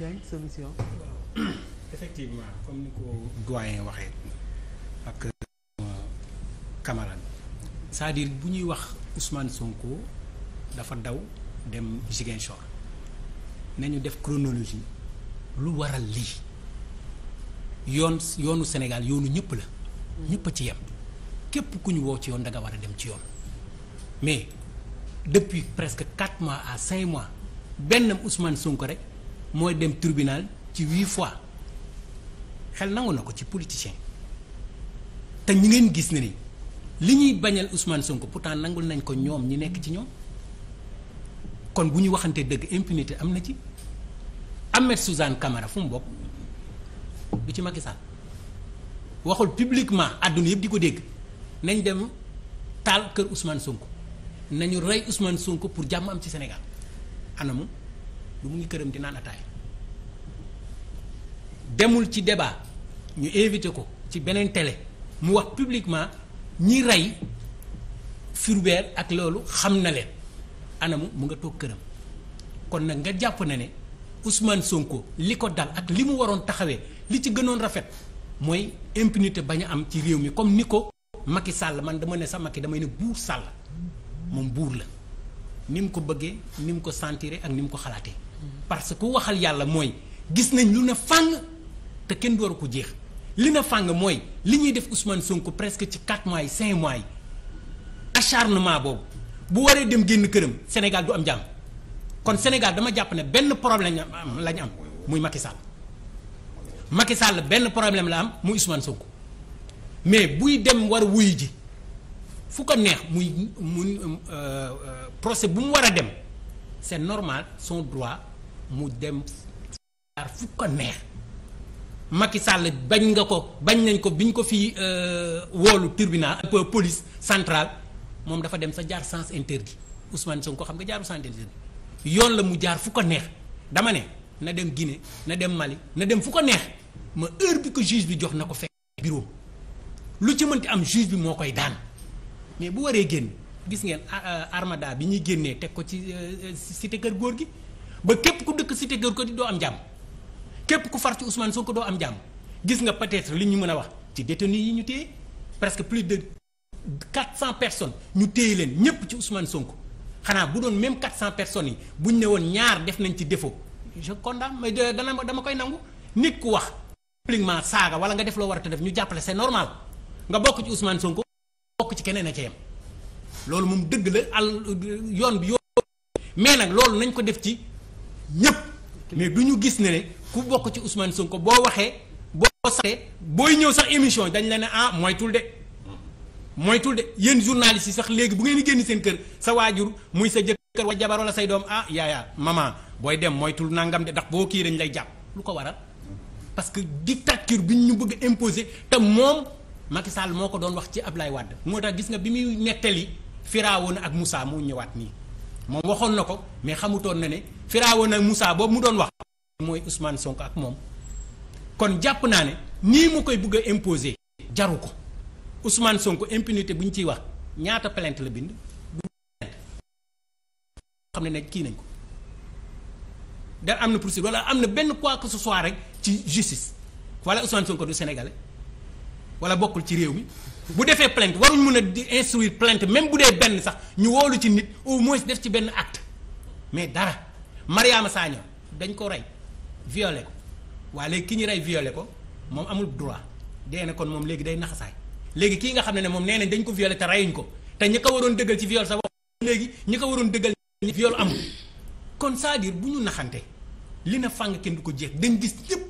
Diagne solution. comme ni ko doyen waxee ak euh, camarade cest à bu ñuy wax Ousmane Sonko dafa daw dem Ziguinchor nañu def chronologie lu waral lii yoon yoonu Sénégal yoonu ñëpp la. ñëpp a ci yem. képp ku ñu woo ci yoon da nga war a dem ci yoon mais depuis presque quatre mois à cinq mois benn Ousmane Sonko rek. mooy dem tribunal ci huit fois xel nangu na ko ci politicien te ñi ngeen gis ne ni li ñuy bañal Ousmane Sonko pourtant nangul nañ ko ñoom ñi nekk ci ñoom kon bu ñu waxante dëgg impunité am na ci Ahmed Suzanne Camara fu mu bokk du ci Macky Sall waxul publiquement àdduna yëpp di ko dégg nañ dem taal kër Ousmane Sonko nañu rey usman Sonko pour jàmm am ci senegal anamu. du mu ngi këram dinaa nataay demul ci débat ñu invité ko ci beneen tele mu wax publiquement ñi rey Fulbert ak loolu xam na leen anamu mu nga toog këram kon nag nga jàpp na ne Ousmane Sonko li ko dal ak li mu waroon taxawee li ci gënoon rafet mooy impunité bañ a am ci réew mi comme ni ko Macky Sall man dama ne sa Macky damay ne buur Sall moom buur la ni mu ko bëggee ni mu ko sentiree ak ni mu ko xalaatee. parce que waxal yàlla mooy gis nañ lu ne fàng te kenn dooru ko jeex li na fàng mooy li ñuy def Ousmane sonk presque ci 4 mois yi 5 mois yi boobu bu waree dem génn këram Sénégal du am jàmm kon Sénégal dama jàpp ne benn problème la am la ñu am muy Macky Sall benn problème la am muy Ousmane Sonko mais buy dem war wuyu ji fu ko neex muy muy euh, euh, procès bu mu war a dem c'est normal son droit. mu dem jaar fu ko neex Macky Sall bañ nga ko bañ nañ ko biñ ko fi euh, woolu tribunal euh, police centrale moom dafa dem sa jaar sens interdit Ousmane ko xam nga jaaru sens interdit yoon la mu jaar fu ko neex dama ne na dem Guinée na dem Mali na dem fu ko neex ma heure bi ko juge bi jox na ko fekk bureau lu ci mënti am juge bi moo koy daan mais bu waree génn gis ngeen euh, armada bi ñuy génnee teg ko ci cité kër góor gi ba képp que Cité Keur Gorgui doo am jàmm képp ku far ci Ousmane Sonko doo am jàmm gis nga peut-être li ñu mën a wax ci détenus yi ñu téye presque plus de 400 personnes ñu téye leen ñëpp ci Ousmane Sonko xanaa bu doon même 400 personnes yi bu ñu ne woon ñaar def nañ ci defoo je condamne mais dana dama koy nangu nit ku wax publiquement saaga wala nga def loo war a def ñu jàppale c'est normal nga bokk ci Ousmane Sonko bokk ci keneen a ca yem loolu moom dëgg la al yoon bi mais nag loolu nañ ko def ci. ñépp mais du ñu gis ne ne ku bokk ci Ousmane ko boo waxee boo saxee booy ñëw sax émission dañ la ne ah moytul de moytul de yéen journalistes yi sax léegi bu ngeen di génn seen kër sa waajur muy sa jëkkër wa jabar wala say doom ah yaayaa maman booy dem moytul nangam de ndax boo kii dañ lay jàpp lu ko waral parce que dictature bi ñu bëgg imposer te moom Macky Sall moo ko doon wax ci Ablaye Wade moo tax gis nga bi muy nettali Firawuna ak Moussa mu ñëwaat nii moom waxoon na ko mais xamutoon na ne Firawna Moussa boobu mu doon wax mooy Ousmane Sonko ak moom kon jàpp naa ne nii mu koy bëgg a jaru ko Ousmane Sonko impunité bu ñu ciy wax ñaata plainte la bind xam ne ne kii nañ ko dara am na poursuite wala am na benn quoi que rek ci justice wala Ousmane Sonko du sénégalais wala bokkul ci réew mi bu defee plainte waruñ mën a di instruire plainte même bu dee benn sax ñu woolu ci nit au moins def ci benn acte mais dara Mariama Sagna dañ ko rey violé ko waa léegi ki ñu rey violé ko moom amul droit dee na kon moom léegi day naxasaay léegi kii nga xam ne ne moom nee nañ dañ ko violé te reyuñ ko te ñi ko waroon dëggal ci viol sa wax léegi ñi ko waroon dëggal viol amul kon cest à bu ñu naxante li na fàng kenn du ko jeex dañ gis ñëpp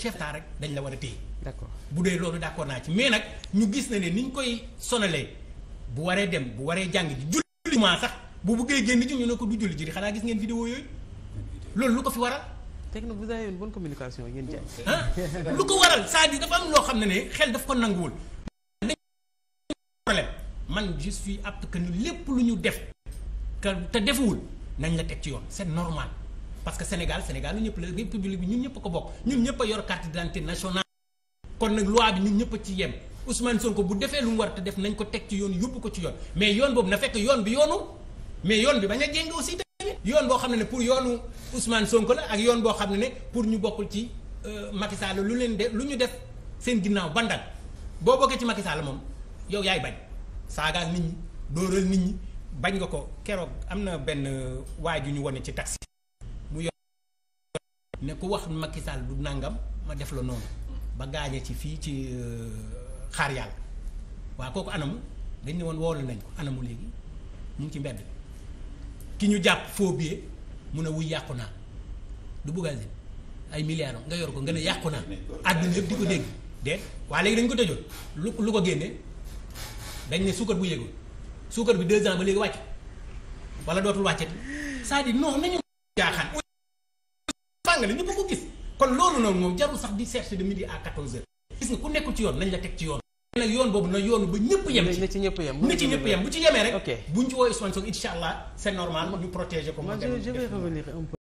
chef rek dañ la war a téye. d'accord bu dee loolu d'accord naa ci mais nag ñu gis na ne ni ñu koy sonalee bu waree dem bu waree jàng ji julli maa sax boo bëggee génn ji ñu ne ko du julli ji xanaa gis ngeen vidéo yooyu loolu lu ko fi waral. technique vous avez une bonne communication ngeen jaay. ah lu ko waral cest à dafa am loo xam ne ne xel daf ko nanguwul. problème man je suis apte que ñu lépp lu ñu def. que te defuwul nañ la teg ci yoon c'est normal. parce que Sénégal Sénégal ñun ñëpp la république bi ñun ñëpp ko bokk ñun ñëpp a yor carte d'identité nationale kon nag loi bi ñun ñëpp a ci yem Ousmane Sonko bu defee lu mu war te def nañ ko teg ci yoon yóbbu ko ci yoon mais yoon boobu na fekk yoon bi yoonu mais yoon bi bañ a jéng aussi tamit yoon boo xam ne ne pour yoonu Ousmane Sonko la ak yoon boo xam ne ne pour ñu bokkul ci euh, Macky Sall lu leen de lu ñu def seen ginnaaw bandal boo bokkee ci Macky Sall moom yow yaay bañ saagaal nit ñi dóoral nit ñi bañ nga ko keroog am na benn euh, waay ju ñu wane ci taxi ne ku wax makki Sall du nangam ma def la noonu ba gaañe ci fii ci euh, xaar yàlla waa kooku anamu dañ ne woon woolu nañ ko anamu léegi mu ngi ci mbedd ki ñu jàpp faux billet mun a wuy yàqu naa du bugg ay milliards nga yor ko nga ne yàqu naa. àdduna yëpp di ko dégg de waaye léegi dañ ko tëjoon lu lu ko génne dañ ne suukar bu yéegoon suukar bi deux ans ba léegi wàcc wala dootul wàccati c'est-à-dire non nañu jàngale ñëpp ko gis kon loolu noonu moom jarul sax di chercher de midi à 14h. gis nga ku nekkul ci yoon nañ la teg ci yoon. nag yoon boobu na yoon ba ñëpp yem ci ci ñëpp yem na ci ñëpp yem bu ci yemee rek buñ ci wooy Ousmane Sonko incha allah c'est normal ñu protéger ko. moi je vais revenir un peu